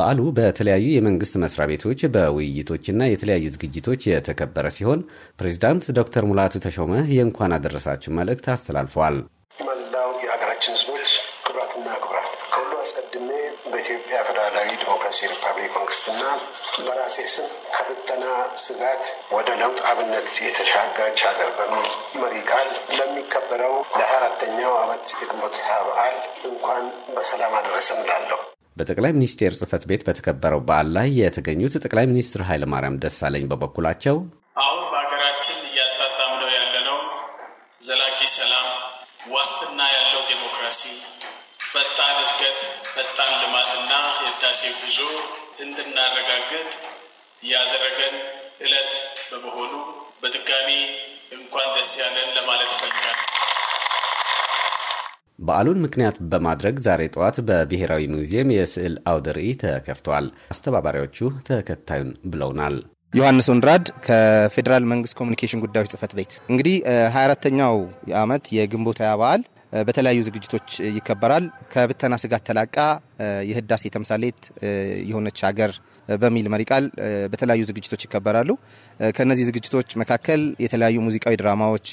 በዓሉ በተለያዩ የመንግስት መስሪያ ቤቶች በውይይቶችና የተለያዩ ዝግጅቶች የተከበረ ሲሆን ፕሬዚዳንት ዶክተር ሙላቱ ተሾመ የእንኳን አደረሳችሁ መልእክት አስተላልፈዋል። መላው የሀገራችን ህዝቦች ክብራትና ክብራት ከሁሉ አስቀድሜ በኢትዮጵያ ፌዴራላዊ ዲሞክራሲ ሪፐብሊክ መንግስትና በራሴ ስም ከብተና ስጋት ወደ ለውጥ አብነት የተሻገረች ሀገር በሚል መሪ ቃል ለሚከበረው ለአራተኛው ዓመት የግንቦት ሃያ በዓል እንኳን በሰላም አደረሰን እላለሁ። በጠቅላይ ሚኒስቴር ጽህፈት ቤት በተከበረው በዓል ላይ የተገኙት ጠቅላይ ሚኒስትር ኃይለማርያም ደሳለኝ በበኩላቸው አሁን በሀገራችን እያጣጣምነው ያለነው ዘላቂ ሰላም፣ ዋስትና ያለው ዴሞክራሲ፣ ፈጣን እድገት፣ ፈጣን ልማትና የህዳሴ ጉዞ እንድናረጋግጥ ያደረገን እለት በመሆኑ በድጋሚ እንኳን ደስ ያለን ለማለት እፈልጋለሁ። በዓሉን ምክንያት በማድረግ ዛሬ ጠዋት በብሔራዊ ሙዚየም የስዕል አውደ ርዕይ ተከፍቷል። አስተባባሪዎቹ ተከታዩን ብለውናል። ዮሐንስ ወንድራድ ከፌዴራል መንግስት ኮሚኒኬሽን ጉዳዮች ጽህፈት ቤት እንግዲህ 24ተኛው ዓመት የግንቦት ሃያ በዓል በተለያዩ ዝግጅቶች ይከበራል። ከብተና ስጋት ተላቃ የህዳሴ ተምሳሌት የሆነች ሀገር በሚል መሪ ቃል በተለያዩ ዝግጅቶች ይከበራሉ። ከእነዚህ ዝግጅቶች መካከል የተለያዩ ሙዚቃዊ ድራማዎች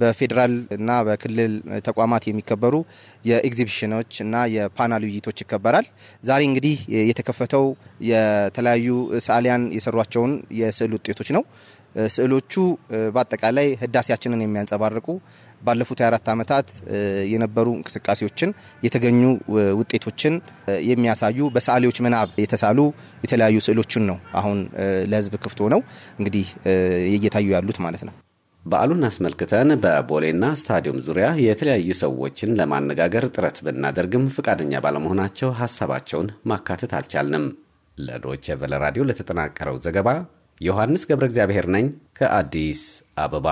በፌዴራል እና በክልል ተቋማት የሚከበሩ የኤግዚቢሽኖች እና የፓናል ውይይቶች ይከበራል። ዛሬ እንግዲህ የተከፈተው የተለያዩ ሰዓሊያን የሰሯቸውን የስዕል ውጤቶች ነው። ስዕሎቹ በአጠቃላይ ህዳሴያችንን የሚያንጸባርቁ ባለፉት የአራት ዓመታት የነበሩ እንቅስቃሴዎችን የተገኙ ውጤቶችን የሚያሳዩ በሰዓሊዎች ምናብ የተሳሉ የተለያዩ ስዕሎችን ነው አሁን ለህዝብ ክፍት ሆነው እንግዲህ እየታዩ ያሉት ማለት ነው። በዓሉን አስመልክተን በቦሌና ስታዲየም ዙሪያ የተለያዩ ሰዎችን ለማነጋገር ጥረት ብናደርግም ፈቃደኛ ባለመሆናቸው ሀሳባቸውን ማካተት አልቻልንም። ለዶቼ ቨለ ራዲዮ ለተጠናቀረው ዘገባ ዮሐንስ ገብረ እግዚአብሔር ነኝ ከአዲስ አበባ።